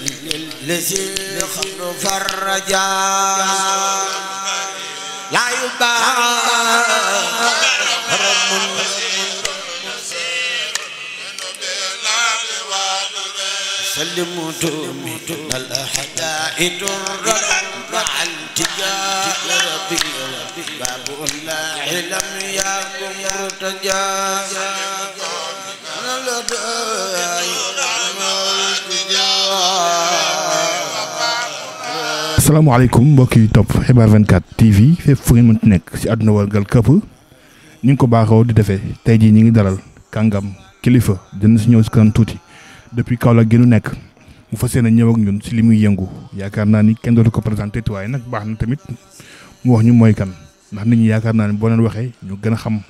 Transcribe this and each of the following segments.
للذي الخمر فرجا لا يبالي سلموا تومي الأحداء الرب مع التجاه ربي باب الله لم يكن مرتجاه asalaamaaleykum mbokk yi topp xibaar 24 TV fépp fu ngeen mënti nekk ci àdduna wargal këpp ñu ngi ko baaxoo di defee tey jii ñu ngi dalal kàngam kilifa dina si ñëw si kanam tuuti depuis Kaolack gi nu nekk mu fas yéene ñëw ak ñun ci li muy yëngu yaakaar naa ni kenn dootu ko présenté waaye nag baax na tamit mu wax ñu mooy kan ndax nit ñi yaakaar naa ni boo leen waxee ñu gën a xam.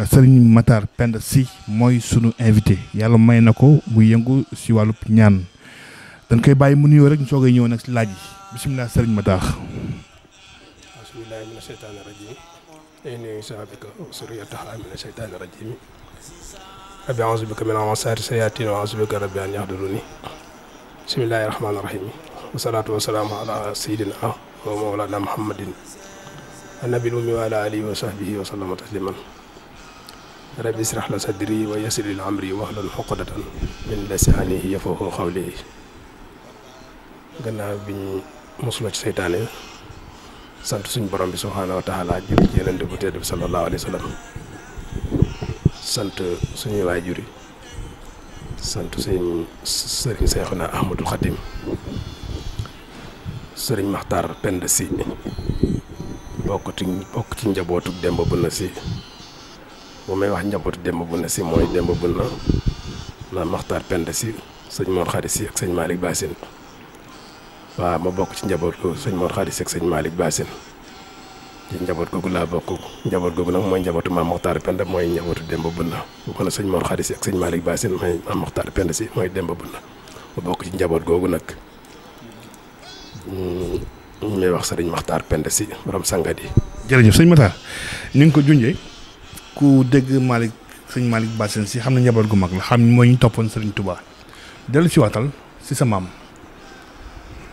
Sëriñ Matar Penda Si mooy sunu invité yàlla may na ko muy yëngu si wàllub ñaan dañ koy bàyyi mu nuyoo rek ñu soogay ñëw nag si laaj yi sëriñ ma taax bisimilah mina seytaani rajim ay nuyu saabika suriyataha mina seytaani rajim rabbi auzu bika min amasari sayatin wa auzu bika rabbi an yahduruni bisimilahi rahmaani rahim wasalaatu wasalaamu ala wa wa ala wa sahbihi tasliman rabbi israh la sadri wa yassir li amri wahlul uqdatan min lisanihi yafqahu qawli gannaaw bi ñu mosuloo ci seytaane sant suñ borom bi subhaanahu wa taala julli ci yeneen bu tedd bi sallallahu alayhi wa sant suñuy waajur yi sant sëñ sëriñ Seexuna Ahmadul Xadim sëriñ Maxtaar Penda Si bokk ci bokk ci njabootu Demba Bunna Si bu may wax njabootu Demba Bunna Si mooy Demba Bunna la Maxtaar Penda Si sëñ Mor Xari Si ak sëñ Malick Bassine waaw ma bokk ci njaboot googu sëñ Mor Khady Seck sëñ Malick Bassine ci njaboot googu laa bokk njaboot googu nag mooy njabootu maam Mokhtar Penda mooy njabootu Demba Bunna man sëñ Mor Khady Seck sëñ Malick Bassine mooy maam Mokhtar Penda si mooy Demba Bunna ma bokk ci njaboot googu nag mm, ñu may wax sëriñ Mokhtar Penda si borom sangat yi. jërëjëf sëñ Matar ni nga ko junjee ku dégg Malick sëñ Malick Bassine si xam na njaboot gu mag la xam mooy ñu toppoon sëriñ Touba dellu si waatal si sa maam.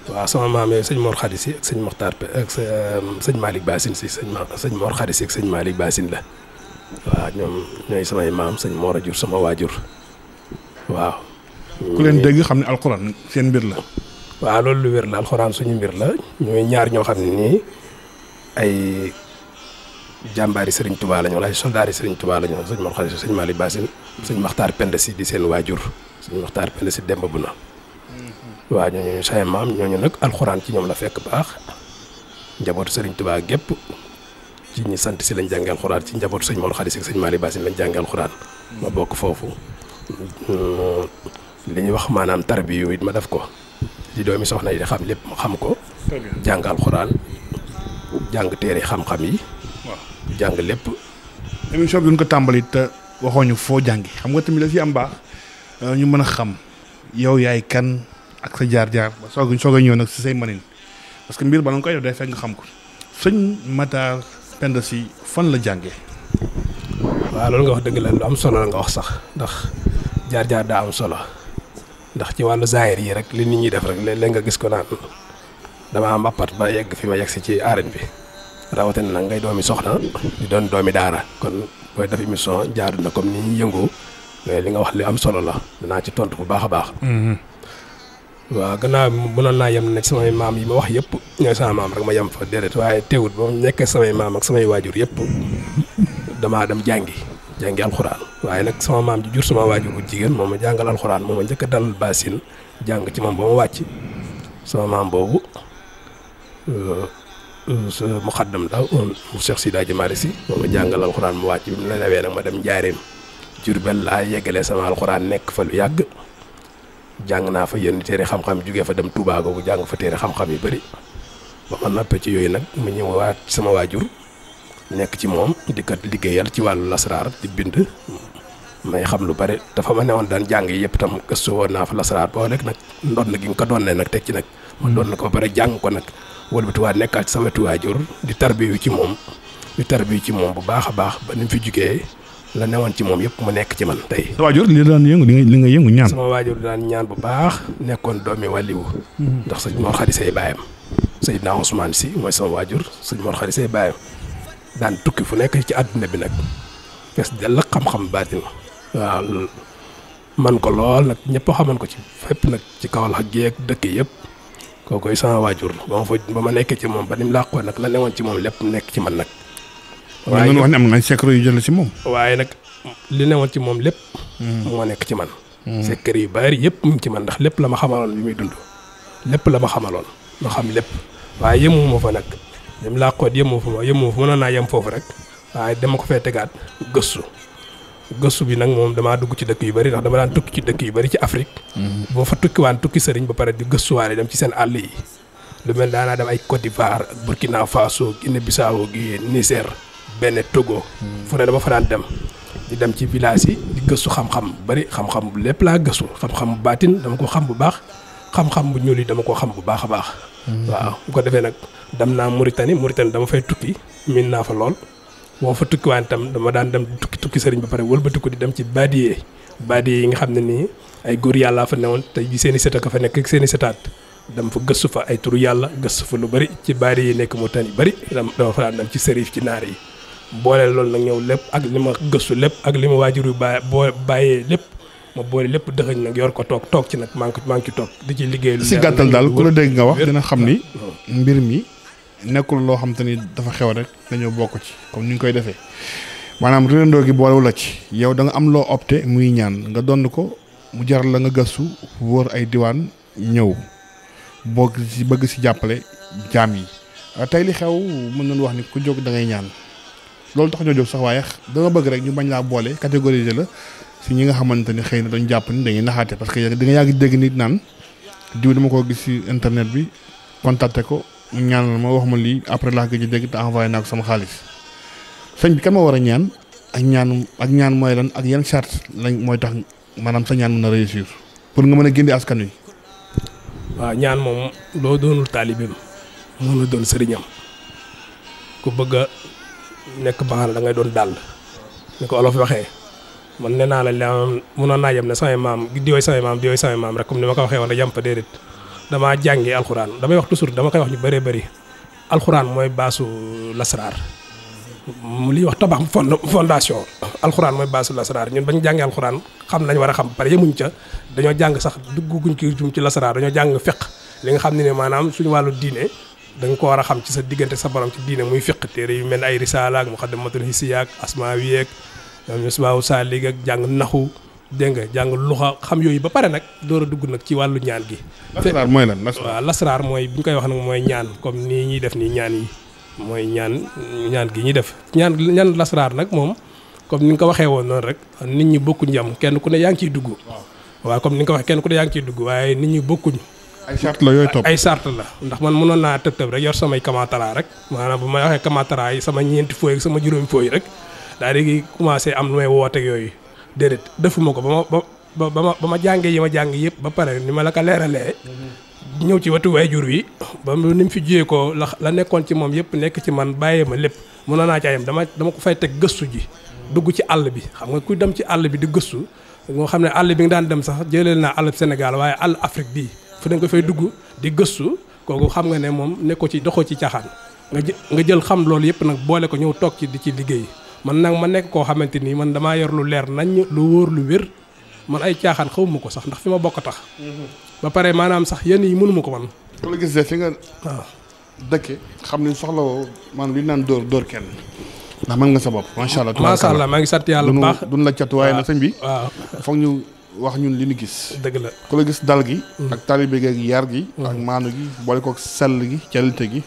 waaw sama maam yooyu sëñ Mor Xarit si ak sëñ Moxtaar ak euh, si sëñ ma sëñ Mor Xarit si ak sëñ Malick Bassine la waaw ñoom ñooy samay maam sëñ Mor a jur sama waajur waaw. ku leen dégg xam ne alxuraan seen mbir la. waaw loolu lu wér la alxuraan suñu mbir la ñooy ñaar ñoo xam ne nii ay jàmbaari Serigne Touba la ñu wala ay soldaari Serigne Touba la ñu sëñ Mor Xarit si sëñ Malick Bassine sëñ Moxtaar Penda si di seen waajur sëñ Moxtaar Penda si Demba Buna. waa ñooñu say maam ñooñu nag alxuraan ci ñoom la fekk baax njabootu sëriñ Tuubaa gépp ci ñi sant si lañ jàngal alxuraan ci njabootu sëñ Maodo Xaadim ak sëñ Maali Baasin lañ jàngal alxuraan ma bokk foofu mm, li ñuy wax maanaam tarbiyu it ma def ko ci doomi soxna yi di xam lépp ma xam ko jàng alxuraan jàng téere xam-xam yi jàng lépp émission bi duñ ko tàmbali te waxooñu foo jàngi xam nga tamit la fi am baax ñu mën a xam yow yaay kan ak sa jaar-jaar ba soog a soog a ñëw nag si say mënin parce que mbir ba nga koy def day fekk nga xam ko sëñ Matar Penda Sy fan la jànge waaw loolu nga wax dëgg leen lu am solo la nga wax sax ndax jaar-jaar daa solo ndax ci wàllu zaahir yi rek li nit ñi def rek léeg nga gis ko naan dama am appat yegg fi ma yegg si ci arène bi rawatina nag ngay doomi soxna di doon doomi daara kon booy def émission jaadu na comme ni ñuy yëngoo li nga wax li am solo la dinaa ci tontu bu baax a baax. Mm-hmm. waaw gannaaw bi mënoon naa yem nag samay maam yi ma wax yëpp ñooy sama maam rek ma yem fa déedéet waaye teewut ba mu nekkee samay maam ak samay waajur yëpp damaa dem jàngi jàngi alxuraan waaye nag sama maam ji jur sama waajur bu jigéen moom ma jàngal alxuraan moom ma a dal baasin jàng ci moom ba ma wàcc sama maam boobu euh, euh, sa muqaddam la mu Cheikh Sida Jamari si moom ma jàngal alxuraan mu wàcc bi mu la lewee nag ma dem njaareem jur benn laa yeggalee sama alxuraan nekk fa lu yàgg jàng naa fa yenn téere xam-xam jugee fa dem Touba googu jàng fa téere xam-xam yu bari ba ma noppee ci yooyu nag mu ñëwaat sama waajur nekk ci moom di kat liggéeyal ci wàllu lasaraar di bind may xam lu bare dafa ma woon daan jàng yi yëpp tam gëstu woon naa fa lasaraar boo lekk nag ndoon na gi nga ko doon ne nag teg ci nag ma doon na ko ba pare jàng ko nag wëlbatiwaat nekkaat sama waajur di tarbiyu ci moom di tarbiyu ci moom bu baax a baax ba ni mu jugee la newoon ci moom yëpp mu nekk ci man tey. sa waajur li daan yëngu li nga yëngu ñaan. sama waajur daan ñaan bu baax. nekkoon doomi wàlliwu mm-hmm. ndax sëñ Mor Khary Seye baayam. Seydina Ousmane si mooy sama waajur sëñ Mor Khary Seye baayam daan tukki fu nekk ci àddina bi nag fees dell xam-xam baatin waaw man ko lool nag ñëpp xaman ko ci fépp nag ci Kaolack gi ak dëkk yëpp. kookoy sama waajur ba ma fa ba ma nekkee ci moom ba ni mu làqoon nag la newoon ci moom lépp nekk ci man nag. waaye wax ne am nga secret yu jël ci moom. waaye nag li newoon ci moom lépp. moo nekk ci man. Hmm. secret yu bari yëpp mu ci man ndax lépp la ma xamaloon bi muy dund. lépp la ma xamaloon ma xam lépp waaye yemuma fa nag dem laa xool yemuma fa yemuma fa mënoon naa yem foofu rek waaye dama ko fee tegaat gëstu. gëstu bi nag moom damaa dugg ci dëkk yu bari ndax dama daan tukki ci dëkk yu bari ci Afrique. Hmm. boo fa tukkiwaan tukki sëriñ ba pare di gëstuwaale dem ci seen àll yi. lu mel daanaa ay Côte d'Ivoire ak Burkina Faso Guinée Bissau gi Niger. benn Togo. Hmm. fu ne dama fa daan dem. di dem ci village yi di gëstu xam-xam bari xam-xam lépp laa gëstu xam-xam bu baatin dama ko xam bu baax xam-xam bu ñuul yi dama ko xam bu baax a baax. Hmm. waaw bu ko defee nag dem naa Mauritanie Mauritanie dama fay tukki miin naa fa lool. boo fa tukkiwaan itam dama daan dem tukki tukki sëriñ ba pare wëlbati ko di dem ci baadiye baadiye yi nga xam ne nii ay góor yàllaa fa newoon te seen i sëta fa nekk seen i setaat dama fa gëstu fa ay turu yàlla gëstu fa lu bari ci baadiye yi nekk Mauritanie bari dama fa daan ci sërif ci naar yi booleel loolu na ñëw lépp ak li ma gëstu lépp ak li ma waajur yu bàyyi boo bàyyee lépp ma boole lépp dëxëñ nag yor ko toog toog ci nag maa ngi maa ci toog di ci liggéey lu si gàttal daal ku la dégg nga wax dina xam ni mbir mi nekkul loo xam te ni dafa xew rek dañoo bokk ci comme ni ñu koy defee maanaam réerandoo gi boolewu la ci yow da nga am loo opté muy ñaan nga dond ko mu jar la nga gëstu wóor ay diwaan ñëw boo si bëgg si jàppale jaam yi tey li xew mën nañu wax ni ku jóg da ngay ñaan loolu tax ñoo jóg sax waaye dama bëgg rek ñu bañ laa boole catégoriser la si ñi nga xamante ni xëy na dañu jàpp ni dañuy naxaate parce que di nga yàgg dégg nit naan diw dama ko gis si internet bi contacté ko ñaan ñaanal ma wax ma lii après laa gëj a dégg te envoyé naa ko sama xaalis sëñ bi kan ma war a ñaan ak ñaan ak ñaan mooy lan ak yan charte lañ mooy tax maanaam sa ñaan pour nga mën a gindi askan wi. waaw ñaan moom loo doonul taalibeem moo la doon sëriñam ku bëgg nekk baxal da ngay doon dàll ni ko olof waxee man nee naa la lam mënoon naa yem ne samay maam di woy samay maam di woy samay maam rek comme ni ma ko waxee woon rek yem fa déedéet damaa jàngi alxuraan damay wax toujours dama koy wax ñu bëree bëri alxuraan mooy baasu lasraar li wax tabax fondation alxuraan mooy baasu lasaraar ñun bañ jàngee alxuraan xam nañ war a xam pare yemuñ ca dañoo jàng sax dugguñ ci jum ci lasaraar dañoo jàng feq li nga xam ni ne maanaam suñu wàllu diine da nga ko war a xam ci sa diggante sa borom ci diine muy fiq téere yu mel ne ay risaala ak muqaddimatul hisiya ak asmaawi ak misbaahu saalik ak jàng naxu dégg nga jàng luxa xam yooyu ba pare nag door a dugg nag ci wàllu ñaan gi. lasraar mooy lan waaw lasraar mooy bu ñu koy wax nag mooy ñaan comme nii ñuy def nii ñaan yi mooy ñaan ñaan gi ñuy def ñaan ñaan lasraar nag moom comme ni nga ko waxee woon noonu rek nit ñi bokkuñ jam kenn ku ne yaa ngi ciy dugg. waaw comme ni nga ko waxee kenn ku ne yaa ngi ciy dugg waaye nit ñi bokkuñ. ay charte la yooyu topp ay charte la ndax man mënoon naa tëb tëb rek yor samay kamatara rek maanaam bu ma waxee kamatara yi sama ñeenti fooy ak sama juróomi fooy rek daa di commencé am lu may wooteeg yooyu déedéet defuma ko ba ma ba ba ma ba ma jàngee yi ma jàng yëpp ba pare ni ma la ko leeralee. ñëw ci wetu jur wi ba mu mu fi jiyee ko la la nekkoon ci moom yëpp nekk ci man bàyyee ma lépp mënoon naa ci ayam dama dama ko fay teg gëstu ji. dugg ci àll bi xam nga kuy dem ci àll bi di gëstu. moo xam ne àll bi nga daan dem sax jëlee naa àll Sénégal waaye àll Afrique bii. fu ne nga fay dugg di gëstu kooku xam nga ne moom ne ko ci doxoo ci caaxaan nga nga jël xam loolu yëpp nag boole ko ñëw toog ci di ci liggéey man nag ma nekk koo xamante nii man damaa yor lu leer nañ lu wóor lu wér man ay caaxaan xaw ma ko sax ndax fi ma bokk tax mm-hmm. ba pare maanaam sax yenn yi mënu ma ko man ku la gisee fi nga waaw dëkke xam ne soxla woo maanaam li naan dóor dóor kenn ndax man nga sa bopp macha allah macha allah maa ngi sant yàlla bu baax duñ la cat waaye bi wax ñun li ñu gis. dëgg la ku la gis dal gi. Mm. ak taalibe gi ak yar gi. Mm. ak maanu gi boole kook sell gi qualité gi.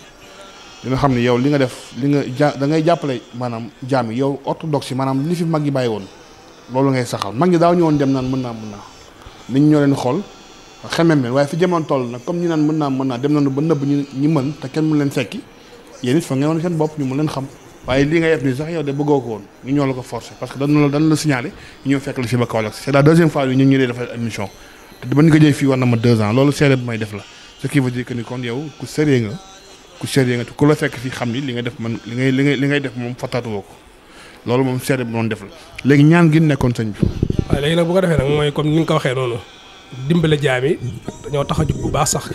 dina xam ne yow li nga def li nga ja da ngay jàppale maanaam jaam yi yow orthodoxe yi maanaam li fi mag yi bàyyi woon loolu ngay saxal mag ñi daaw ñëwoon dem naan mën naa mën naa nit ñoo leen xool xemem leen waaye fi jamono toll nag comme ñu naan mën naa mën naa dem nañu ba nëbb ñu ñi mën te kenn mu leen fekki yéen it fa ngeen woon seen bopp ñu mu leen xam waaye li nga def nii sax yow de bëggoo ko woon ñu ñoo la ko forcé parce que dañu la dañu la signalé ñu ñëw fekk la fi ba Kaolack la deuxième ma def la ce qui veut dire que ni kon yow ku sérieux nga ku sérieux nga ku la fekk fii xam ni li nga def man li ngay li ngay li ngay def moom fàttaliwoo ko loolu moom seede bi noonu def la léegi ñaan gi nekkoon sëñ bi. waaw léegi nag bu ko defee nag mooy comme ni nga ko waxee noonu dimbale jaam yi dañoo tax a jug bu baax sax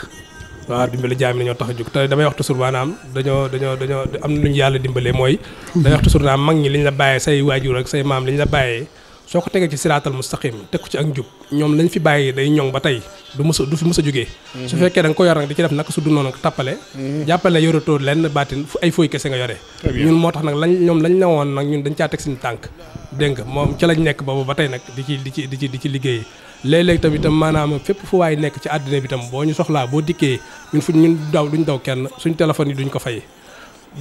waaw dimbali jaam yi ñoo tax a jug te damay wax toujours maanaam dañoo dañoo dañoo am lu ñu yàlla dimbalee mooy hmm. damay wax toujours mag ñi li ñu la bàyyee say waajur ak say maam li ñu la bàyyee soo ko tegee ci siraatal mustaqim teg ko ci ak njub ñoom lañ fi bàyyi day ñoŋ ba tey du mës a du fi mës a jógee hmm. su fekkee da ko yor nag di ci def naka su du noonu tappale hmm. jàppale ne yoratoo lenn baatin ay fooy kese nga yore ñun moo tax nag lañ ñoom lañ newoon nag ñun dañ caa teg suñu tànk dégg nga moom ci lañ nekk boobu ba tey nag di ci di ci di ci di ci liggéey léeg-léeg tamit tam fépp fu waay nekk ci àddina bi tam boo ñu soxlaa boo dikkee ñun fu ñun daw duñ daw kenn suñ téléphone yi duñ ko fay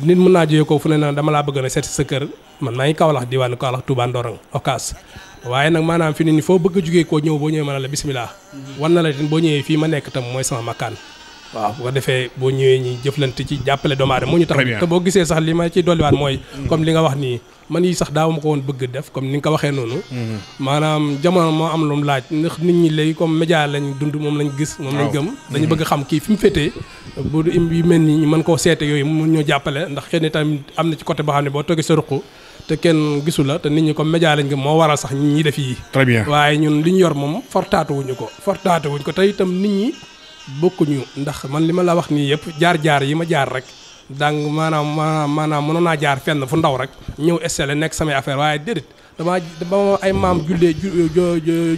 nit mën naa jógee ko fu ne na dama laa bëgg na seet si sa kër man maa ngi Kaolack diwaanu Kaolack Touba Ndorong Ocass waaye nag maanaam fi nit ñi foo bëgg a jógee koo ñëw boo ñëwee mën a la bisimilah. Mm-hmm. wan na la tin boo ñëwee fii ma nekk tam mooy sama makkaan waaw bu ko defee boo ñëwee ñi jëflante ci jàppale doomu aadama moo ñu tax te boo gisee sax li ma ci dolliwaat mooy comme li nga wax nii man yi sax daaw ma ko woon bëgg def comme ni nga ko waxee noonu mhm. moo am lu laaj ndax nit ñi lay comme média lañ dund moom lañ gis moom lañ gëm dañu mhm. bëgg kii fi mu féetee bu yu mel ñu mën koo seete yooyu mun ñoo jàppale ndax xëy na tamit am na ci côté boo xam ne boo toogee sa ruq te kenn gisu la te nit ñi comme média lañ gëm moo waral sax ñi def yi très bien waaye ñun li ñu yor moom fortaatuwuñu ko fortaatuwuñ ko te itam nit ñi bokkuñu ndax man li ma la wax nii yëpp jaar-jaar yi ma jaar rek dang maanaam maanaam maanaam mënoon naa jaar fenn fu ndaw rek ñëw installé nekk samay affaire waaye déedéet dama dama ay maam jullee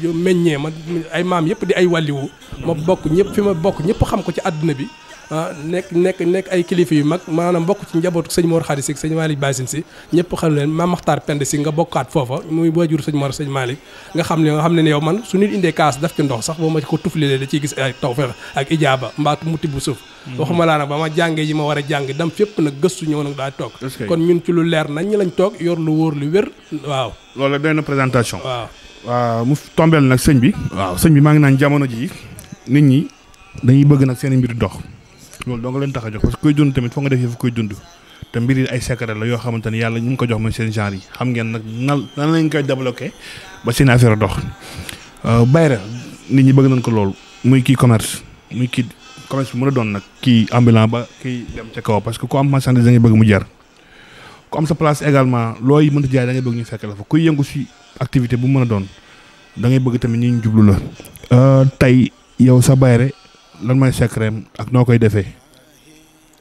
ju meññee ma ay maam yëpp di ay wàlliwu ma bokk ñëpp fi ma bokk ñëpp xam ko ci àdduna bi Ah, nekk nekk nekk ay kilifa yu mag maanaam bokk ci njabootu sëñ Mor Khady si sëñ Malick Bassine si ñëpp xam leen Mame Makhtar Pend si nga bokkaat foofa muy waajur sëñ Mor sëñ Malick nga xam ne nga xam ne ne yow man su nit indee kaas daf ci ndox sax boo ma ko tuflilee da ciy gis ay tawfeex ak ijaaba mbaat muti bu suuf hmm. waxuma laa nag ba ma jàngee yi ma war a jàng dam fépp nag gëstu ñëw nag daa toog kon ñun ci lu leer nañ ñi toog yor lu wóor lu wér waaw loolu benn présentation tombeel nag sëñ bi waaw sëñ bi maa ngi naan jamono ji nit ñi dañuy bëgg nag seen mbir dox loolu doo nga leen tax a jox parce que kuy dund tamit foo nga def yëfu kuy dund te mbir yi ay secret la yoo xamante ni yàlla ñu ngi ko jox mooy seen genre yi xam ngeen nag nan nan lañ koy débloqué ba seen a dox euh, bayra nit ñi bëgg nañ ko loolu muy kii commerce muy kii commerce bi mën a doon nag kii ambulant ba kii dem ca kaw parce que ku am marchandise da ngay bëgg mu jar ku sa place également looy mënta jaay da ngay bëgg ñu fekk la fa kuy yëngu si activité bu mën a doon da ngay bëgg tamit ñu jublu la euh, tey yow sa bayre lan mooy secret ak noo koy defee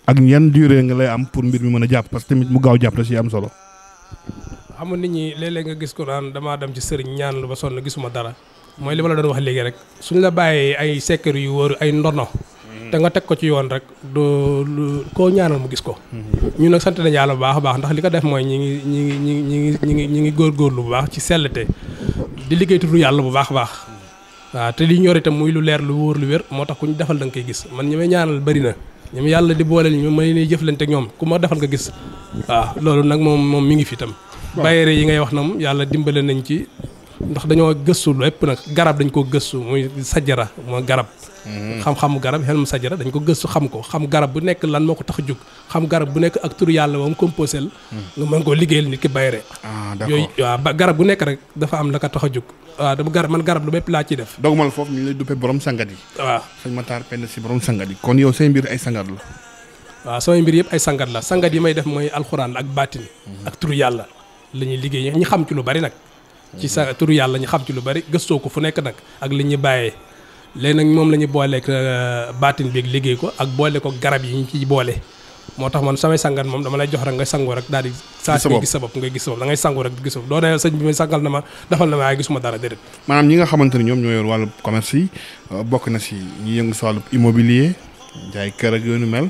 ak yan durée nga lay am pour mbir mi mën a jàpp parce que tamit mu gaaw jàpp da si am solo. xam nga nit ñi léeg nga gis ko naan damaa dem ci sëriñ ñaan lu ba sonn gisuma dara mooy li ma la doon wax léegi rek suñ la bàyyee ay secret yu wóor ay ndono. Mm-hmm. te nga teg ko ci yoon rek du koo ñaanal mu gis ko. Mm-hmm. ñu nag sant nañu yàlla bu baax a baax ndax li ko def mooy ñi ngi ñi ngi ñi ngi ñi ngi ñi ngi góorgóorlu bu baax ci sellte di liggéey tudd yàlla bu baax a baax. waaw te lii ñu yor itam muy lu leer lu wóor lu wér moo tax ku ñu defal da koy gis man ñi may ñaanal bari na ñi ma yàlla di booleel ñu may ni jëflante ak ñoom ku ma defal nga gis waaw loolu nag moom moom mi ngi fi itam. bayere yi ngay wax na yàlla dimbale nañ ci ndax dañoo gëstu lépp nag garab dañ ko gëstu muy sajara mooy garab mhm. xam-xamu garab xelmu sajara dañ ko gëstu xam ko xam garab bu nekk lan moo ko tax a jóg xam garab bu nekk ak tur yàlla ba mu composé la mhm. nga mën koo liggéeyal nit ki bayre ah, yooyu waaw ba garab bu nekk rek dafa am la ko tax a jóg waaw dama garab man garab lu bépp laa ciy def dogmal foofu ñu lay duppee borom sangat yi waaw sëñ Matar Penda si borom sangat yi kon yow say mbir ay sangat la waaw samay mbir yëpp ay sangat la sangat yi may def mooy alxuraan ak baatin mhm. ak tur yàlla la ñuy liggéey ñi xam ci lu bari nag ci sa turu yàlla ñu xam ci lu bari gëstoo ko fu nekk nag ak li ñu bàyyee léegi nag moom la booleek booleeg euh, baatin bi ak liggéey ko ak boole ko garab yi ñu ciy boole moo tax man samay sangan moom dama lay jox rek nga sangu rek daal di saa sa bopp nga gis sa bopp da ngay sangu rek di gis sa bopp bi may sangal na ma defal na ma waaye gisuma dara déedéet maanaam ñi nga xamante ni ñoom ñoo yor wàllu commerce yi euh, bokk na si ñi yëngu si wàllu immobilier jaay kër ak yoonu mel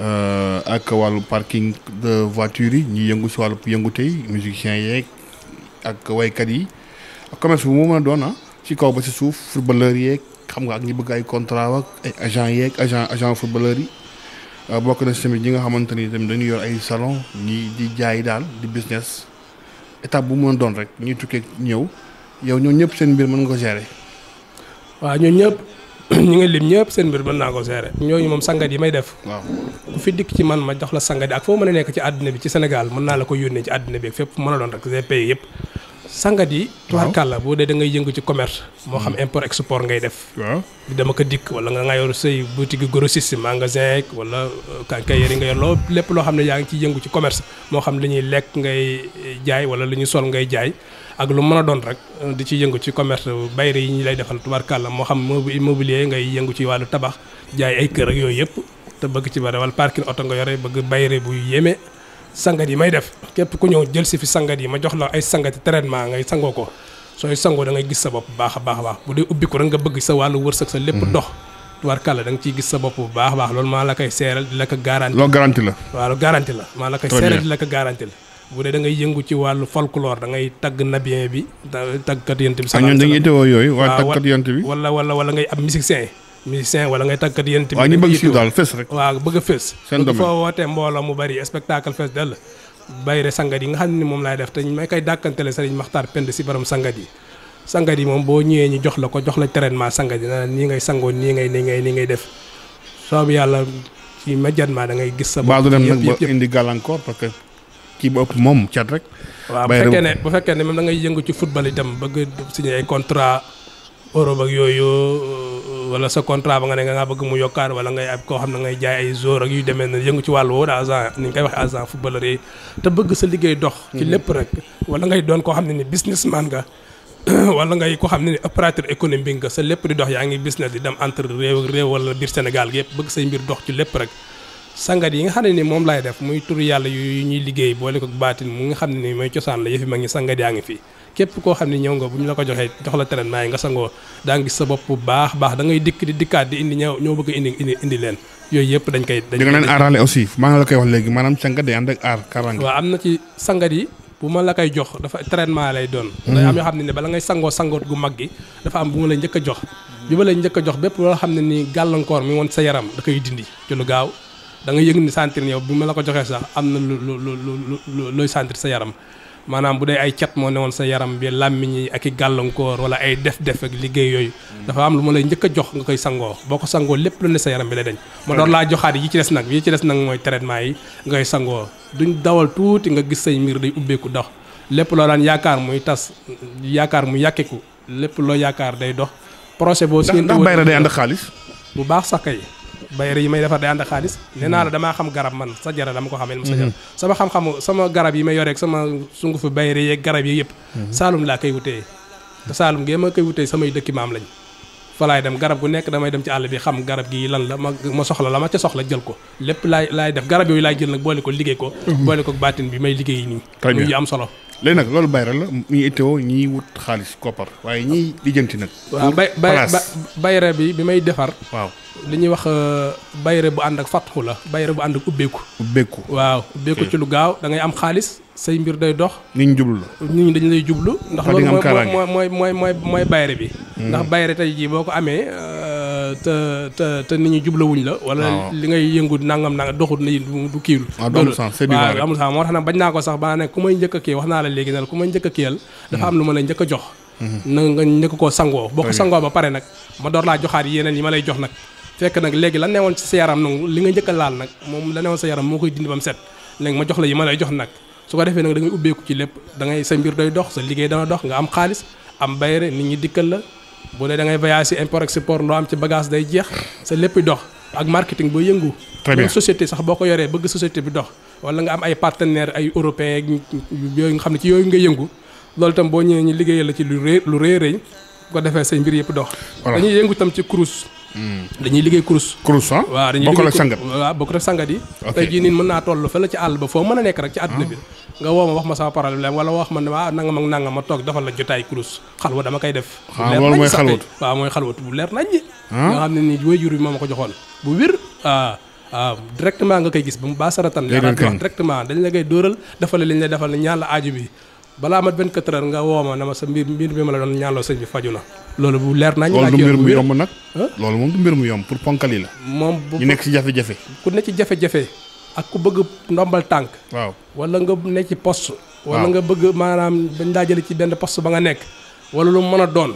euh, ak wàllu parking de voiture yi ñi yëngu si wàllu yëngu tey musiciens yeeg ak waykat yi ak commerce bu mu mën a doon ah ci kaw ba si suuf footballeur yeeg xam nga ak ñi bëgg ay contrat ak agent yeeg agent agent footballeur yi euh, bokk na si tamit ñi nga xamante ni tamit dañuy yor ay salon ñi di jaay daal di business étape bu mu mën doon rek ñuy tukkee ñëw yow ñoo ñëpp seen mbir mën nga ko gérer. waaw ñoo ñëpp ñu ngi lim ñëpp seen mbir mën naa ko gérer ñooñu moom sangat yi may def. waaw ku fi dikk ci man ma jox la sangat yi ak foo mën a nekk ci àdduna bi ci Sénégal mën naa la ko yónnee ci àdduna bi ak a doon rek yëpp. sangat yi tubaarkàlla boo dee da ngay yëngu ci commerce moo xam hmm. import export ngay def di dama ko dikk wala nga nga yor say boutique grossiste magasin wala quincaillerie euh, nga yor loo lépp loo xam ne yaa ngi ciy yëngu ci commerce moo xam li ñuy lekk ngay euh, jaay wala li ñu sol ngay jaay ak lu mën a doon rek euh, di ci yëngu ci commerce bayre yi ñu lay defal tubaarkàlla moo xam immobilier ngay yëngu ci wàllu tabax jaay ay kër ak yooyu yëpp te bëgg ci bari wala parking oto nga yore bëgg bayre bu yéeme sangat yi may def képp ku ñëw jël si fi sangat yi ma jox la ay sangati traitement ngay sangoo ko sooy sangoo da ngay gis sa bopp baax baax a baax bu dee ubbi ko rek nga bëgg sa wàllu wërsëg sa lépp mm-hmm. dox war kàlla da nga ciy gis sa bopp bu baax baax loolu maa la koy seeral di la ko garanti loolu garanti la waaw loolu garanti la maa la koy seeral di la ko garanti la bu dee da ngay yëngu ci wàllu folklore da ngay tagg nabien bi kat yent bi sa ah, ñoom dañuy teewoo yooyu waa tàggkat yent bi wala wala wala ngay ab musicien musicien wala ngay tàggat yéen tamit. waaw ñu bëgg si daal fës rek. waaw bëgg a fës. seen domaine wootee mbooloo mu bari spectacle fës dell. bayre sangat yi nga xam ne moom laay def te may koy dàkkantele Serigne Makhtar Pend si borom sangat yi sangat ñu jox la ko jox la traitement sangat yi na nii ngay sangoo nii ngay nii ngay nii ngay def soob yàlla ci immédiatement da ngay gis sa bopp dem nag ba parce que kii ba ëpp moom cat rek waaw bu fekkee ne bu fekkee ne même da ngay yëngu ci football itam bëgg signé ay contrat Europe ak yooyu wala sa contrat ba nga ne nga ngaa bëgg mu yokkaat wala ngay ab koo xam ne ngay jaay ay joueur ak yu demee na yëngu ci wàllu woo da agent ni ñu sa liggéey dox ci lépp rek wala ngay doon koo xam ne ni businessman nga wala ngay ko xam ne ni opérateur économique nga sa lépp di dox yaa ngi business di dem entre réew réew wala biir Sénégal gi yëpp bëgg say mbir dox ci lépp rek sangat yi nga xam ne ni moom laay def muy turu yàlla yu ñuy liggéey boole ko baatin mu nga xam ne ni mooy cosaan la yëfi ma ngi sangat yaa ngi fii képp koo xam ne ñëw nga bu ñu la ko joxee jox la traitement yi nga sangoo daa ngi sa bopp bu baax baax da ngay dikk di dikkaat di indi ñëw ñoo bëgg indi indi indi leen yooyu yëpp dañ koy dañ nga leen aarale aussi maa ngi la koy wax léegi maanaam sangat day ànd ak aar karange waaw am na ci sangat yi bu ma la koy jox dafa traitement lay doon hmm. day am yoo xam ne ne bala ngay sangoo sangoot gu mag gi dafa am bu ma lay jox bi njëkk jox bépp loo xam ne ni gàllankoor mi woon sa yaram da koy dindi ci lu gaaw da nga yëg ni sentir yow bi ma la ko joxee sax am na lu lu lu looy sentir sa yaram maanaam bu dee ay cat moo newoon sa yaram bi làmmiñ yi ak i gàllankoor wala ay def-def ak liggéey yooyu mm. dafa am lu ma lay njëkk a jox nga koy sangoor boo ko sangoo lépp lu ne sa yaram bi lay dañ ma door laa joxaat yi ci des nag yi ci des nag mooy traitement yi nga koy sangoo duñ dawal tuuti nga gis say mbir day ubbeeku dox lépp loo daan yaakaar muy tas yaakaar mu yàkkeeku lépp loo yaakaar day dox projet boo si ndax bayra day ànd xaalis bu baax sax kay bayre yi may defar day ànd xaalis nee naa la damaa xam garab man sa jara dama ko xamee ma sa mm-hmm. sama xam-xamu sama garab yi may yoreeg sama sungufu bayre yeeg garab yi yëpp mm-hmm. saalum laa koy wutee te saalum gee ma koy wutee samay dëkki maam lañ fa laay dem garab gu nekk damay dem ci àll bi xam garab gi lan la ma soxla la ma ca soxla jël ko lépp laay laay def garab yooyu laay jël boole ko liggéey ko mhm. boole ko baatin bi may liggéey nii muy yu am solo léegi nag loolu bayra la ñuy itteewoo ñiy wut xaalis koppar waaye ñiy lijjanti nag waaw bay bayra bi bi may defar waaw li ñuy wax euh, bayre bu ànd ak fatxu la bayre bu ànd ak ubbeeku ubbeeku waaw ubbeeku ci lu gaaw da ngay am xaalis say mbir day dox nit ñi jublu la nit ñi dañu lay jublu ndax loolu mooy mooy mooy mooy bayre bi ndax bayre tey jii boo ko amee euh, te te te nit ñi jublawuñ la wala li ngay yëngu nangam nangam doxut na du kiiwul ah, loolu waaw amul sax moo tax nag bañ naa ko sax baa ne ku may njëkk a kii wax naa la léegi nag ku may njëkk a kiyal dafa am lu ma lay njëkk jox mm-hmm. na nga njëkk koo sangoo boo sangoo ba pare nag ma door laa joxaat yeneen yi ma lay jox nag fekk nag léegi la newoon ci sa yaram li nga njëkk laal nag moom la newoon sa yaram moo koy dindi ba set léegi ma jox la yi ma lay jox nag su ko defee nag da ngay ubbeeku ci lépp dangay sa mbir doy dox sa liggéey dana dox nga am xaalis am bayre nit ñi dikkal la boo dee da ngay voyage si import export loo am ci bagage day jeex sa lépp dox ak marketing booy yëngu. très bien société sax boo ko yoree bëgg société bi dox. wala nga am ay partenaires ay européens yooyu nga xam ne ci yooyu nga yëngu loolu tam boo ñëwee ñu liggéeyal la ci lu rëy lu rëy rëy ko defee say mbir yëpp dox. dañuy yëngu itam ci cruise. Hmm. dañuy liggéey cruise. cruise ah waaw dañuy liggéey bokkul ak sangat waaw bokkul ak sangat yi. tey jii nii mën naa toll fa la ci àll ba foo mën a nekk rek ci àdduna ah. bi. nga woo ma wax ma sama problème wala wax ma ne ah nanga ak nangam ma toog defal la jotaay kurus xalwa dama koy def. ah loolu mooy waaw mooy xalwatu bu leer naññ. Ah? nga xam ne nii waajur bi moo ma ko joxoon bu wér waaw ah, ah, nga koy gis ba mu baa saratan yaa directement dañ la koy dóoral defal la li ñu lay defal la aaju bi balaa mat 24 heures nga woo ma na ma sa mbir mbir mi ma la doon ñaanloo sëñ bi faju na loolu bu leer nañ loolu du mbir mu yomb moom du mbir mu yomb pour ponkali la moom bu ñu nekk ci jafe-jafe ku nekk ci jafe-jafe ak ku bëgg ndombal tànk. waaw wala nga ne ci poste. wala nga bëgg maanaam dañ daa jële ci benn poste ba nga nekk. wala lu mën a doon.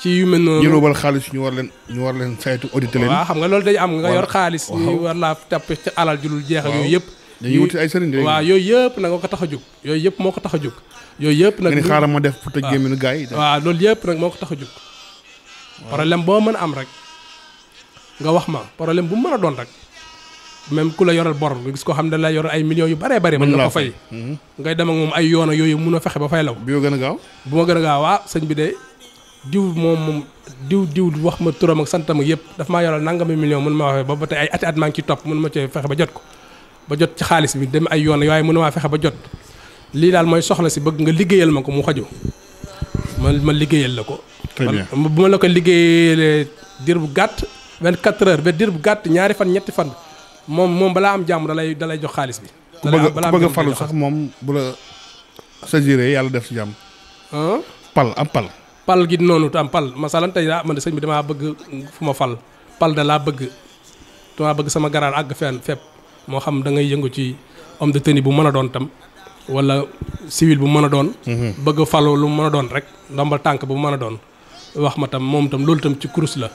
ci yu mel noonu ñu xaalis ñu war leen ñu war leen saytu audité leen. waaw xam nga loolu day am nga yor xaalis. ñu war laa tapp ci alal julul jeex ak yooyu yëpp. dañuy wuti ay sëriñ waaw yooyu yëpp nag moo ko tax a jóg yooyu yëpp moo ko tax a jóg yooyu yëpp nag nga ni xaaral def pour tëj gémmiñu gars yi waaw loolu yëpp nag moo ko tax a jóg problème boo mën a am rek nga wax ma problème bu mën a doon rek même ku la yoral bor bi gis ko xam ne la yoral ay millions yu bare bare mën na ko fay mhm. ngay dem ak moom ay yoon yooyu mun a fexe ba fay law a gaaw bu ma gën a gaaw waa ah, sëñ bi de diw moom moom diw diw wax ma turam ak santam ak yëpp dafa maa yoral nangami million mun ma fexe ba ba tey ay ati at maa ngi ciy topp mun ma cee fexe ba jot ko ba jot ci xaalis bi dem ay yoon waaye mun maa fexe ba jot lii daal mooy soxla si bëgg nga liggéeyal ma ko mu xaju ma ma liggéeyal la ko bu ma la ko liggéeyalee diir bu gàtt vingt-quatre heures ba diir bu gàtt ñaari fan ñetti fan moom moom balaa am jàmm dalay dalay jox xaalis bi. balaa bëgg a falu sax moom bu la sa yàlla def si jàmm. pal am pal. pal gi noonu am pal masalan tey daa ah, man sëñ bi damaa bëgg fu ma fal pal da laa bëgg damaa bëgg sama garaan àgg fen fépp moo xam da ngay yëngu ci om de tenue bu mën a doon tam wala siwil bu mën a doon. Mhm. bëgg falo lu mën a doon rek ndombal tànk bu mën a doon. wax ma tam moom tam loolu tam ci kurus la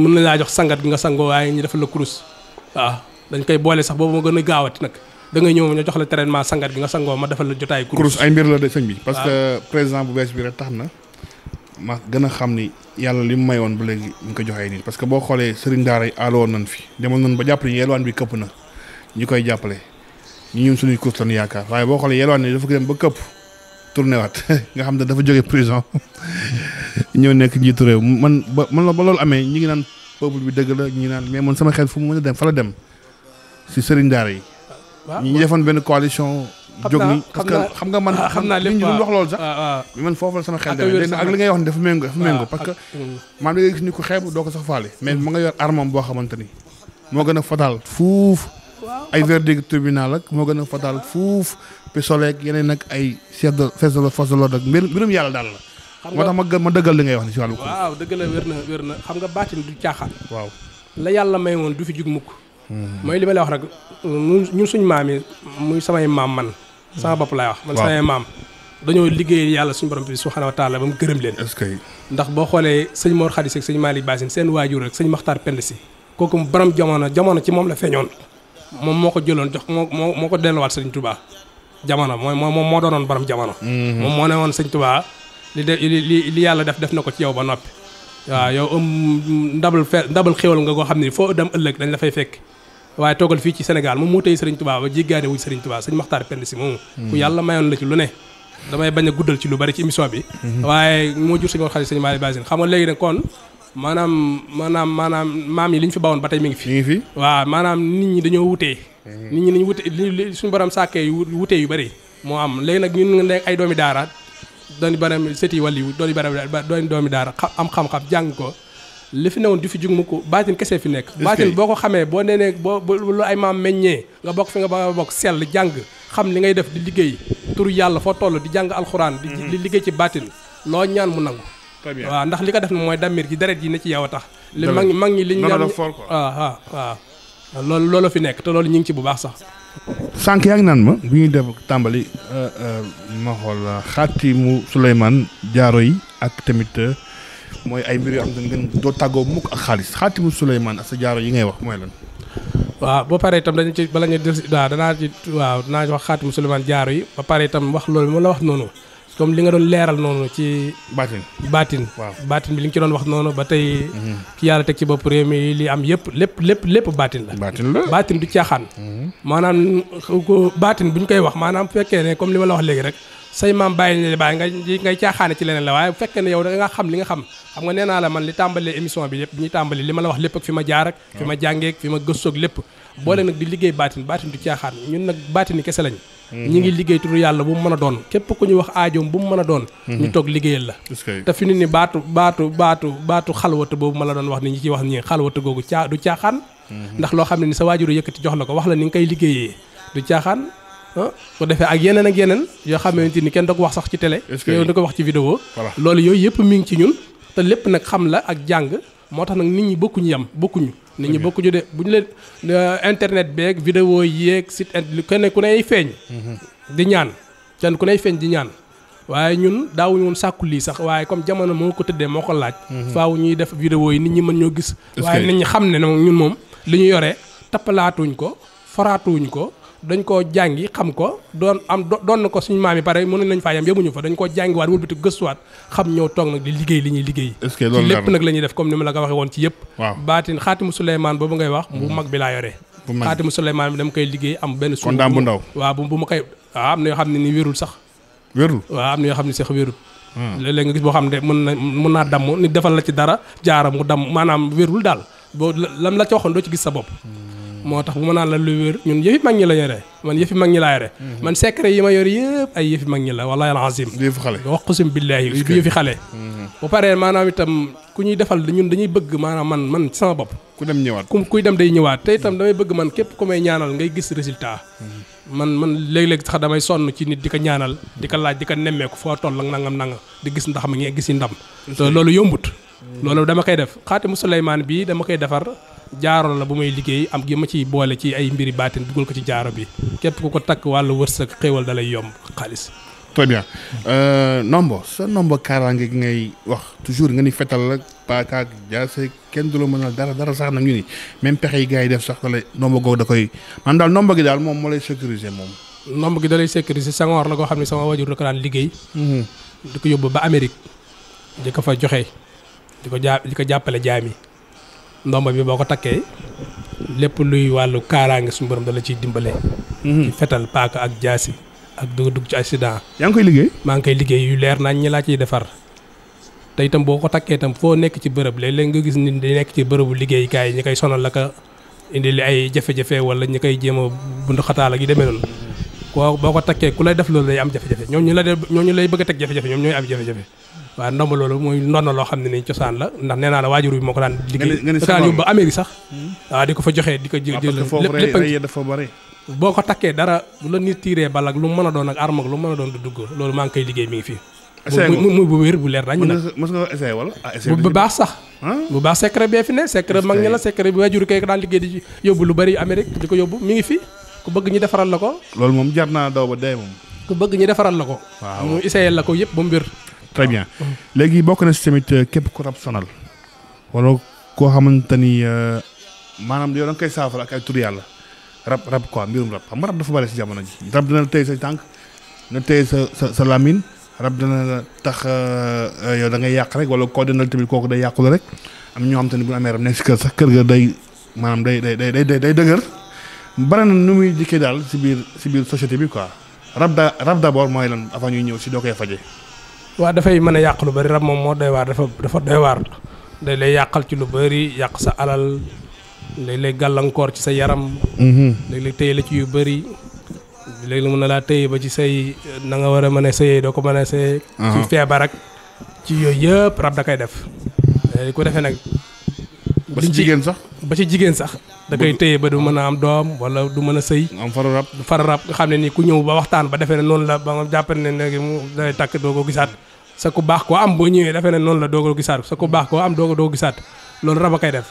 mun na laa jox sangat gi nga sangoo waaye ñu def la kurus. waaw dañ koy boole sax boobu ma gën a gaawati nag da ngay ñëw ñu jox la traitement sangat gi nga sangoo ma defal jotaay kurus ay mbir la de sëñ bi parce que président bu bees bi rek tax na ma gën a xam ni yàlla li mu bu woon ba léegi ñu ko joxee nii parce que boo xoolee sëriñ daara yi aaloon nañ fi demal nañ ba jàpp ni yelwaan bi këpp na ñu koy jàppale ñu ñun suñuy course lañu yaakaar waaye boo xoolee yelwaan ni dafa ko dem ba këpp tourné nga xam ne dafa jóge prison ñëw nekk njiitu réew man ba man ba loolu amee ñi ngi naan peuple bi dëgg la ñi naan mais man sama xel fu mu mën a dem fa la dem si sëriñ daara yi. Ah, ñi ñu defoon benn coalition. jóg ni parce que xam nga man. Ah, xam naa lépp waaw wax loolu ah, man foofu la sama xel demee ak li ngay wax dafa méngoo dafa méngoo parce que. Mm. maanaam da ngay gis ni ko xeeb doo ko sax faale. mais ma nga yor armam boo xamante ni moo gën a fatal fuuf. ay verdict tribunal ak moo gën a fatal fuuf. pistolet ak yeneen ak ay chef de force de l'ordre ak mbirum yàlla daal la xam nga moo dëggal la wér na wér na xam nga baatin du caaxaan waaw la yàlla may woon du fi jug mukk hmm. mooy li ma lay wax rek ñun suñ maam yi muy samay maam man sama bopp laay wax man samay maam dañoo liggéey yàlla suñ borom bi subhanahu wa taala ba mu gërëm leen ndax boo xoolee sëñ Mor Khady Seck maali Malick Bassine seen waajur rek sëñ Makhtar Pend si kooku borom jamono jamono ci moom la feeñoon moom moo ko jëloon jox moo moo moo ko delluwaat sañ tubaa jamono mooy moo moo doonoon borom jamono hmm. moom moo li de li li yàlla def def na ko ci yow ba nopp waaw yow am ndabal fe ndabal xéwal nga koo xam ne foo dem ëllëg dañ dafay fekk waaye toogal fii ci Sénégal moom moo tey Serigne Touba ba jéggaane wuñ Serigne Touba sëñ Maxtaar Pend si moomu hmm. ku yàlla mayoon la ci lu ne damay bañ a guddal ci lu bari ci émission bi hmm. waaye moo jur sëñ wax xali sëñ Maali Basine xam nga léegi nag kon maanaam maanaam maanaam maam yi li ñu fi bawoon ba tey mi ngi fi mi ngi fi waaw maanaam nit ñi dañoo wutee hmm. nit ñi nañ wute suñ borom sàkkee wutee yu bari moo am léegi nag ñun nga ay doomi daara doon baram seti wàlliwu doon baram doon doomi daara am xam-xam jàng ko li fi newoon du fi jug mu ko baatin kese fi nekk baatin boo ko xamee boo nee nee boo lu ay maam meññee nga bokk fi nga ba bokk sell jàng xam li ngay def di liggéey turu yàlla foo toll di jàng alxuraan di mhm. liggéey ci baatin loo ñaan mu nangu waaw ndax li ko def ne mooy damir gi deret yi ne ci yow a tax li mag mag ñi li ñu waaw waaw ah, ah, waaw loolu loolu fi nekk te loolu ñu ngi ci bu baax sax sànq yaa ngi naan ma bi ñuy def tàmbali euh, euh, ma xool euh, xaatimu Souleymane jaaro yi ak tamit mooy ay mbir yoo xam ne ngeen doo tàggoo mukk ak xaalis xaatimu Souleymane ak sa jaaro yi ngay wax mooy lan. waaw ba pare tam dañu ci bala ñu des waaw danaa ci waaw danaa ci wax xaatimu Souleymane jaaro yi ba pare itam wax loolu moom la wax noonu. comme li nga doon leeral noonu ci. baatin baatin. waaw baatin bi li nga ci doon wax noonu ba tey. Mhm. ki yàlla teg ci bopp réew mi li am yëpp lépp lépp lépp baatin la. baatin la baatin du caaxaan. Mhm. maanaam ko baatin bu ñu koy wax maanaam bu fekkee ne comme li ma la wax léegi rek say maam bàyyi la bàyyi nga ngay caaxaane ci leneen la waaye fekkee ne yow da nga xam li nga xam xam nga nee naa la man li tàmbalee émission bi yëpp bi ñuy tàmbali li ma la wax lépp fi ma jaarak ak. fi ma jàngee ak fi ma gëstoo lépp. boole nag di liggéey baatin baatin du caaxaan ñun nag baatin kese lañ ñi ngi liggéey turu yàlla bu mu mën a doon képp ku ñu wax aajoom bu mu mën a doon mhm. ñu toog liggéeyal la te fi nit ni baatu baatu baatu baatu xalwata boobu ma la doon wax ni ñi ci wax nii xalwata googu caa du caaxaan mhm. ndax loo xam ne ni sa waajuru yëkkati jox la ko wax la ni nga koy liggéeyee du caaxaan ko ah, defee ak yeneen ak yeneen yoo xamante ni kenn da ko wax sax ci tele yow da ko wax ci vidéo loolu yooyu yëpp mi ngi ci ñun te lépp nag xam la ak jàng moo tax nag nit ñi bokkuñu yam bokkuñu. nit ñi bokkuñu de bu ñu leen internet beeg vidéo yeeg site internet kenn ku ney feeñ. Mhm. di ñaan kenn ku ney feeñ di ñaan. waaye ñun daawuñu woon sàkku lii sax waaye comme jamono moo ko tëddee moo ko laaj. Mhm. faaw ñuy def vidéo yi nit ñi mën ñoo gis. waaye nit ñi xam ne ñun moom li ñu yore tappalaatuñ ko faraatuñ ko. dañ ko jàngi xam ko doon am doon na ko suñu maam yi pare mënoon nañ faa yam yemuñu fa dañ koo jàngiwaat wëlbati xam liggéey li ñuy liggéey ci lépp nag la ñuy def comme ni ma la ko waxee woon ci yëpp baatin mm-hmm. laa yore xaatimu Suleymaan bi dama koy liggéey am benn suuf kon daam bu ndaw waaw bu ma yoo xam ne ni wérul sax wérul waaw am yoo xam ne sax wérul hmm. léeg-léeg nga boo xam ne mën na mën naa damm nit defal la ci dara jaara mu damm maanaam wérul daal boo lam la ci waxoon doo ci gis sa bopp hmm. moo tax bu ma naan la lu wér ñun yëfi mag ñi la yore man yëfi mag ñi laa yore mhm. man secret yi ma yor yëpp ay yëfi mag ñi la wallahi alazim yëfi xale wax ko sim billaahi du yëfi xale bu mhm. paree maanaam itam ku ñuy defal ñun dañuy bëgg maanaam man man ci sama bopp ku dem ñëwaat ku kuy dem day ñëwaat te itam damay bëgg man képp ku may ñaanal ngay gis résultat mhm. man man léeg-léeg sax damay sonn ci nit di ko ñaanal di ko laaj di ko nemmeeku foo toll ak nangam nangam di gis ndax ma ngi gis yi ndam te loolu yombut loolu dama koy def xaatimu Suleymaan bi dama koy defar jaaro la bu may liggéey am gi ma ciy boole ci ay mbiri baatin dugal ko ci jaaro bi képp ku ko takk wàllu wërsëg xéewal dalay yomb xaalis très bien euh, nombo sa nombo kaaraange gi ngay wax toujours nga ni fetal la paakaak jaase kenn du la mën mënal dara dara sax nag ñu ni même pexe yi gaa yi def sax da nombo googu da koy man daal nombo gi daal moom moo lay sécuriser moom nombo gi dalay lay sécuriser sangoor la koo xam ne sama wajur la ko daan liggéey mhm. di ko yóbbu ba Amérique di ko fa joxe di ko jaa di ko jàppale jaam yi ndomba bi boo ko takkee lépp luy wàllu kaaraange suñu borom dala ciy dimbale. ci mhm. fetal paaka ak jaasi ak dugg dugg ci accident. yaa ngi koy liggéey. maa ngi koy liggéey yu leer nañ ñi laa ciy defar te tam boo ko takkee itam foo nekk ci bërëb léeg-léeg nga gis ni di nekk ci bërëbu liggéeykaay yi ñi koy sonal la ka indi li ay jafe-jafe wala ñi koy jéem a xataal ak yu demee noonu. koo boo ko takkee ku lay def loolu lay am jafe-jafe ñoom ñu la ñoom ñu lay bëgg teg jafe-jafe ñoom am jafe waaw ndomba loolu muy ndono loo xam ne ni cosaan la ndax nee naa la waajur bi moo ko daan liggéey ba Amérique sax hmm. waaw di ko fa joxee di ko jël lépp dafa bëri boo ko takkee dara bu la nit tiiree bal lu mën a doon ak arme lu mën a doon du dugg loolu maa ngi koy liggéey mi ngi fii muy bu bu leer dañ nag mos ah, bu baax sax ah? bu baax secret bee fi ne secret mag ñi la secret bi waajur kay daan liggéey di yóbbu lu bëri Amérique di ko yóbbu mi ngi fii ku bëgg ñu defaral la ko loolu moom jar naa daw ba dee bëgg ñu defaral la ko mu essayé la ko yëpp ba mu wér très bien léegi bokk na si tamit euh, képp ku rab sonal wala koo xamante ni euh, maanaam yow da nga koy saafara ak ay tur yàlla rab rab quoi mbirum rab xam nga rab dafa bëri si jamono ji rab dina la téye sa tànk dina sa sa sa lamine rab dina tax euh, yow da ngay yàq rek wala koo dina kooku day yàqule rek am ñoo xam ne bu ñu nekk si kër sax kër ga day maanaam day day day day day dëgër bare na nu muy dikkee daal si biir si biir société bi quoi rab da rab d'abord mooy lan avant ñuy ñëw si doo koy faje waa dafay mën a yàq lu bari rab moom moo doy waar dafa dafa doy waar day lay yàqal ci lu bari yàq sa alal day lay gàllankoor ci sa yaram léeg mm-hmm. lay téye la ci yu bari léegi mun na laa téye ba ci say na nga war a mën a sëyee doo ko mën a sëyee uh-huh. ci feebar ak ci yooyu yëpp rab da koy def léegi ku defee nag ba ci jigéen sax ba jigéen sax da koy téye ba du mën a am doom wala du mën a sëy am fararab fararab nga xam ne nii ku ñëw ba waxtaan ba defee ne noonu la ba nga ne léegi mu day tàkk doo ko gisaat sa am boo ñëwee defee ne noonu la doo ko gisaat sa ku baax koo am doo doo ko gisaat loolu rab a koy def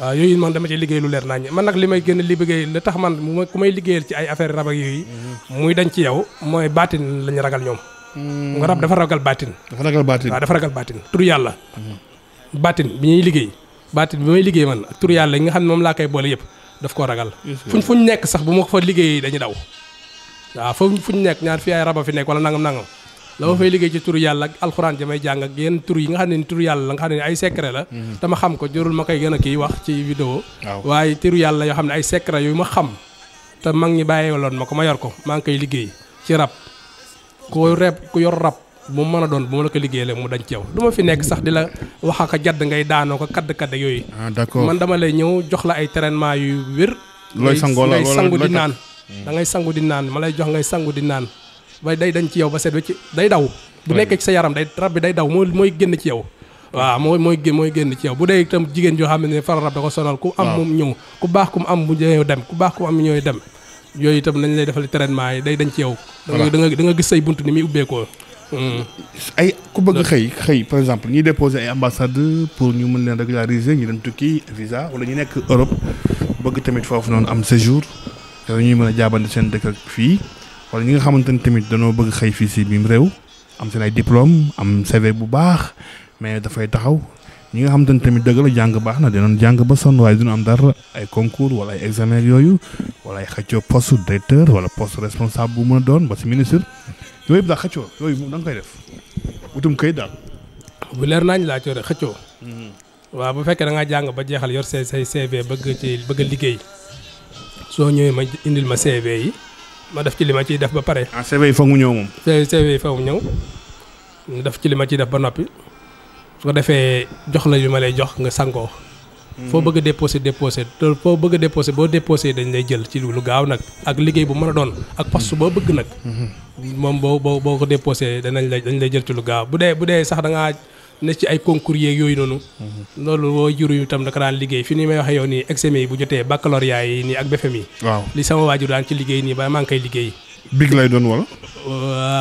waaw yooyu dama ci liggéey lu leer nañ man nag li may gën a liggéey li tax man mu ku may liggéeyal ci ay rab yooyu mhm. muy dañ ci yow mooy baatin lañu ragal ñoom mm. nga rab dafa ragal baatin dafa ragal baatin waaw dafa ragal baatin tur yàlla mhm. baatin bi ñuy liggéey baatin bi may liggéey man ak tur yàlla yi nga xam ne moom laa koy boole yëpp daf koo ragal fuñ fuñ nekk sax bu ma ko fa liggéey dañu daw waaw fa fuñ nekk ñaar fi ay raba fi nekk wala nangam nangam la ma fay liggéey ci tur yàlla ak alxuraan ja may jàng ak yenn tur yi nga xam ne ni tur yàlla la nga xam ne ay secret la dama mm-hmm. xam ko jorul ma koy gën a kii wax ci vidéo waaye turu yàlla yoo xam ne ay secret yu ma xam te mag ñi bàyyee bàyyiwaloon ma ko ma yor ko maa ngi koy liggéey ci rab ku reb ku yor rab bu mu mën a doon bu ma la ko liggéeyee mu dañ ci yow du fi nekk sax di la wax ak a jadd ngay daanoo ko kadd kadd yooyu. Ah, man dama lay ñëw jox la ay traitement yu wér. looy sangoo la ngay sangu di naan. da ngay sangu di naan ma lay jox ngay sangu di naan ba day dañ ci yow ba seet ba ci day daw. bu nekkee ci yaram day rab bi day daw mooy mooy génn ci yow. waaw mooy mooy génn mooy génn ci yow bu dee itam jigéen joo xam ne fara rab da ko sonal. ku am moom ñëw ku baax ku mu am mu ñëw dem ku baax ku mu am ñooy dem yooyu itam nañ lay defal traitement yi day dañ ci yow. da nga da nga gis say bunt ni muy ubbeekoo Euh, ay ku bëgg xëy xëy par exemple ñuy déposer ay ambassade pour ñu mën leen régulariser ñu dem tukki visa wala ñu nekk Europe bëgg tamit foofu noonu am séjour te ñuy mën a jaabante seen dëkk fii wala ñi nga xamante ni tamit danoo bëgg xëy fii si biim réew am seen ay diplôme am CV bu baax mais dafay taxaw ñi nga xam te ne tamit dëgg la jàng baax na dinañ jàng ba sonn waaye dina am dara ay concours wala ay examen yooyu wala ay xëccoo poste directeur wala poste responsable bu mën a doon ba si ministre yooyu daal xëccoo yooyu moom da nga koy def utum kayit daal. bu leer naa laa coore xëccoo. Mm-hmm. waaw bu fekkee da ngaa jàng ba jeexal yor say say bëgg ci bëgg liggéey soo ñëwee ma indil ma CV yi ma def ci li ma ciy def ba pare. ah CV yi mu ñëw moom. CV yi foog mu ñëw def ci li ma ciy def ba noppi. su ko defee jox la yu ma lay jox nga sangoo. foo bëgg a déposé déposé te foo bëgg déposé boo déposé dañ lay jël ci lu gaaw nag ak liggéey bu mën a doon ak poste boo bëgg nag. moom boo boo boo ko déposé danañ lay dañ lay jël ci lu gaaw bu dee bu dee sax dangaa ngaa ne ci ay concours yeeg yooyu noonu. loolu woo juru itam da ko daan liggéey fi ni may waxee yow nii examen yi bu jotee baccalauréat yi nii ak BFEM yi. waaw li sama waajur daan ci liggéey nii ba maa ngi koy liggéey. big lay doon wala.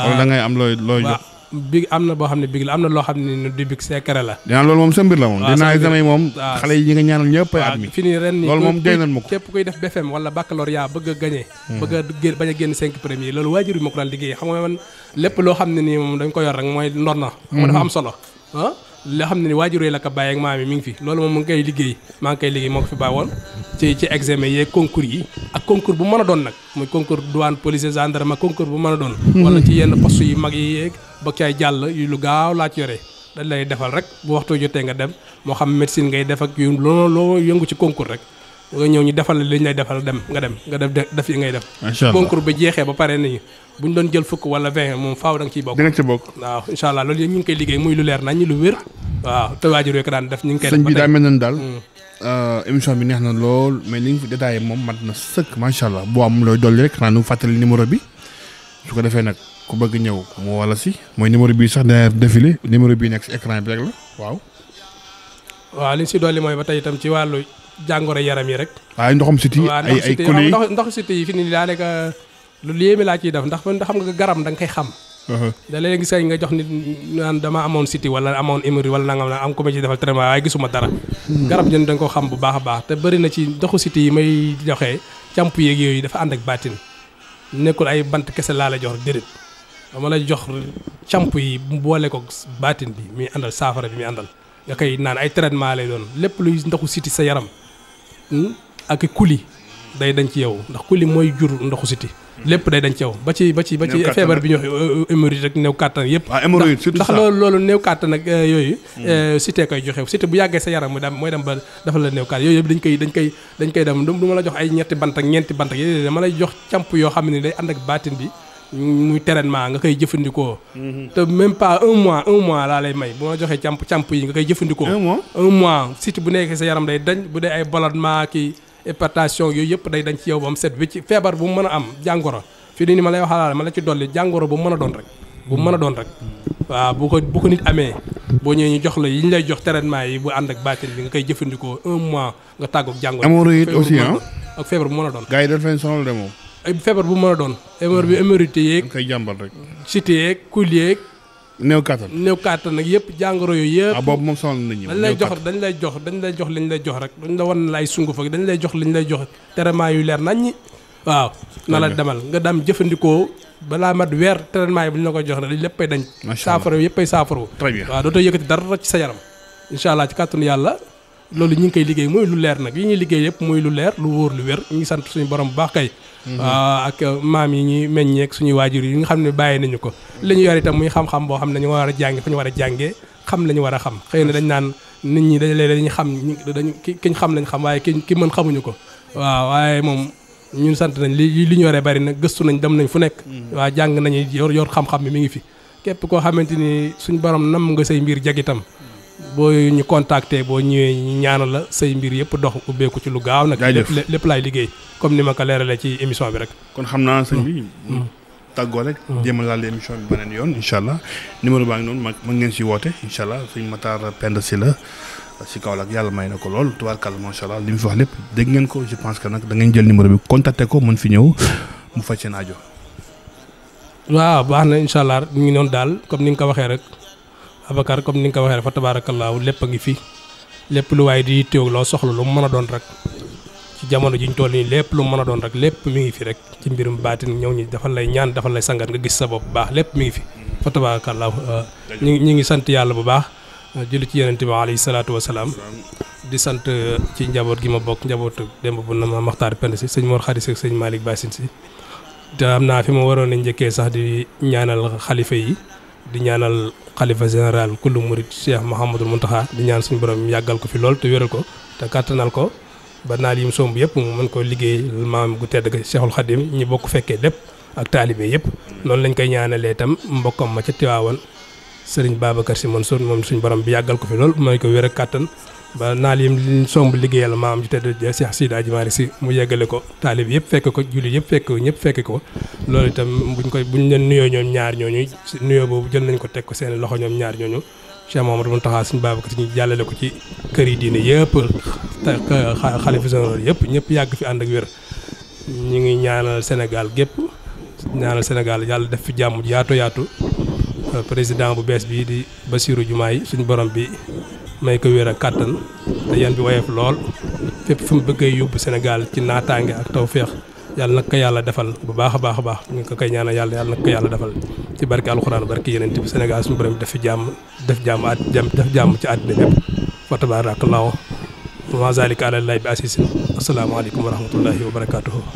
wala da am looy looy jox big am na boo xam ne big la am na loo xam ne du big secret la dinaa loolu moom sa mbir la moom ah, dinaa examen yi moom ah, xale yi ñi nga ñaanal ñëpp at mi fi nii ren nii loolu moom doy nañ ma ko képp kuy def BFM wala baccalauréat bëgg a gagné hmm. bëgg a génn bañ a génn cinq premiers loolu waajur bi ma ko daan liggéey xam nga man lépp loo xam ne nii moom dañ ko yor rek mooy ndor na moo dafa hmm. am solo ah la xam ne ni waajuree la ko bàyyi ak maam yi mi ngi fi loolu moom mu ngi koy liggéey maa ngi koy liggéey moo ko fi bàyyoon ci ci examen yeeg concours yi ak concours bu mën a doon nag muy concours douane police gendarme concours bu mën a doon mhm. wala ci yenn poste yu mag yi yeeg ba caay jàll yu lu gaaw laa ci yore dañ lay defal rek bu waxtu jotee nga dem moo xam médecine ngay def ak yu loo loo yëngu ci concours rek nga ñëw ñu defal la li lay defal dem nga dem nga def def yi ngay def concours ba jeexee ba pare nañu bu ñu doon jël fukk wala vingt moom faaw da nga bokk. da ci bokk waaw incha allah loolu ñu ngi koy liggéey muy lu leer nañ lu wér. waaw te waajur yooyu daan def ñu ngi koy. def mm. euh, bi neex na lool mais li nga fi détaillé moom mat na sëkk macha allah boo am looy dolli rek xanaa nu fàttali numéro bi su ko defee nag ku bëgg ñëw moo wala si mooy numéro bii sax dana défilé numéro bii nekk si écran bi rek la waaw. waaw li ñu si yi mooy ba tey itam ci wàllu jàngoro yaram yi rek. waaw ndoxam siti ay loolu yéeme laa ciy def ndax man xam nga garab da nga koy xam. Uh-huh. da léegi gis nga jox nit naan dama amoon siti wala amoon émeri wala naa am ko ma ci defal traitement waaye dara. Hmm. garab jën da nga ko xam bu baax baax te bëri na ci doxu siti yi may joxe camp yeeg yooyu dafa ànd ak baatin nekkul ay bant kese laa la jox déedéet dama la jox camp yi boole ko baatin bi muy àndal saafara bi muy àndal nga koy naan ay traitement lay doon lépp luy ndoxu siti sa yaram hmm? ak kuli day dañ ci yow ndax kuli mooy jur ndoxu siti lépp day dañ ci ba ci ba ci ba ci feebar bi ñu wax euh, euh, rek néew kàttan yëpp ah, ndax loolu loolu néew kàttan ak euh, yooyu mm. cité koy joxe cité bu yàggee sa yaram mooy dem mooy dem ba dafa la néew kàttan yooyu yëpp dañ koy dañ koy dañ koy dem du ma la jox ay ñetti bant ak ñeenti dama lay jox camp yoo xam ni day ànd ak baatin bi muy traitement nga koy jëfandikoo. Mm-hmm. te même pas un mois un mois laa lay may bu ma joxee càmp càmp yi nga koy jëfandikoo. un mois un bu nekkee sa yaram day dañ bu dee ay ballonnement kii. hépatation yooyu yëpp day dañ ci yow ba mu set wécc feebar bu mu mën a am jàngoro fii nii ni ma lay waxalaale ma la ci dolli jàngoro bu mu mën a doon rek bu mu mën a doon rek ko bu ko nit boo ñëwee ñu jox la yi ñu lay jox traitement yi bu ànd ak bi nga koy jëfandikoo mois nga tàggoog jàngoro hémorroïde aussi ah ak feebar bu mën a doon gars yi dañ fay sonal feebar bu mën a doon hémorroïde bi hémorroïde yeeg koy jàmbal rek néew kàttan néew kàttan nag yëpp jàngoro yooyu yëpp. Ah, boobu moom sonal nañ ñu dañ lay jox dañ lay jox dañ lay jox liñ lay jox rek dañ la wan lay sunguf ak dañ lay jox liñ lay jox traitement yu leer nañ waaw na la demal nga dam jëfandikoo balaa mat weer traitement yi bu ñu la koy jox rek léppay dañ. macha allah saafara yëppay saafara. très bien waaw dootoo yëkkati dara ci sa yaram incha allah ci kàttanu yàlla loolu ñu ngi koy liggéey mooy lu leer nag yi ñuy liggéey yëpp mooy lu leer lu wóor lu wér ñu ngi sant suñu borom bu baax kay mhm. ah, ak maam yi ñuy meññeek suñuy waajur yi nga xam ne bàyyi nañu ko li ñu yor itam muy xam-xam boo xam ne ñu a jànge fa war a jàngee xam la war a xam xëy na dañ naan nit ñi dañ léeg dañu xam dañu kiñ xam lañ xam waaye ki ki mën xamuñu ko waaw moom ñun sant nañ li li ñu yoree bari nag gëstu nañ dem nañ fu nekk mhm. jàng nañu yor yor xam-xam bi mi ngi fi képp koo xamante ni suñ borom nam nga say mbir jag itam boo ñu contacter boo ñëwee ñu ñaanal la say mbir yëpp dox ubbeeku ci lu gaaw nag lépp laay liggéey comme ni ma ko leeralee ci émission bi rek kon xam naa sëñ bi mm. tàggoo rek mm. jéem a laal ma la may na ko lool tubaarkàlla macha allah li mu fi wax lépp dégg ngeen ko je pense que nag da ngeen jël numéro bi contacter ko mën fi ñëw mu faj seen aajo waaw baax na incha allah ñu ngi noonu daal comme ni nga ko waxee rek Abacar comme ni nga ko waxee dafa tabaarakallaahu lépp a ngi fi lépp lu waaye di teew loo soxla lu mu mën a doon rek ci jamono ji ñu toll nii lépp lu mu mën a doon rek lépp mi ngi fi rek ci mbirum baatin ñëw ñi dafa lay ñaan dafa lay sangat nga gis sa bopp bu baax lépp mi ngi fi fa tabaarakallaahu euh, ñu ngi ñu ngi sant yàlla bu baax euh, julli ci yonent bi alayhi salaatu wasalaam di sant euh, ci njaboot gi ma bokk njabootu démb bu na ma maxtaar pend si sëñ Mor Xaris ak sëñ Malick Bassine si te am naa fi ma waroon a njëkkee sax di ñaanal xalifa yi di ñaanal xalifa général kullu murid Cheikh Mouhamadul Mountakha di ñaan suñu borom yàggal ko fi lool te wéral ko te kàttanal ko ba naal yi mu somb yëpp mu mën koo liggéey maam gu tedd ga Cheikhul Khadim ñi bokk fekkee lépp ak taalibe yëpp noonu lañ koy ñaanalee itam mbokkam ma ca Tiwaawan sëriñ si Sy Mansour moom suñu borom bi yàggal ko fi lool mooy ko wér ak kàttan ba naal yim liñ somb liggéeyal maam ji tedd Cheikh Sidi Aji Mari si mu yeggale ko taalib yëpp fekk ko julli yëpp fekk ñëpp fekk ko loolu itam buñ koy buñ leen nuyoo ñoom ñaar ñooñu nuyoo boobu jël nañ ko teg ko seen loxo ñoom ñaar ñooñu Cheikh Mamadou Mountakha suñu ko ñu jàllale ko ci kër yi diine yëpp xalifa généraux yëpp ñëpp yàgg fi ànd ak wér ñu ngi ñaanal Sénégal gépp ñaanal Sénégal yàlla def fi jàmm yaatu yaatu président bu bees bi di basiiru jumaa yi suñu borom bi may ko wér ak kàttan te yan bi woyof lool fépp fu mu bëggee yóbbu Sénégal ci naataange ak tawféex yàlla nag ko yàlla defal bu baax a baax a baax ñu ko koy ñaanal yàlla yàlla nag ko yàlla defal ci barke alxuraan barke yeneen bi Sénégal suñu borom def fi jàmm def jàmm at def jàmm ci àddina bépp fa tabaarakallaahu wa zaalika alallaahi bi asiisin asalaamaaleykum wa rahmatullaahi wa barakaatuhu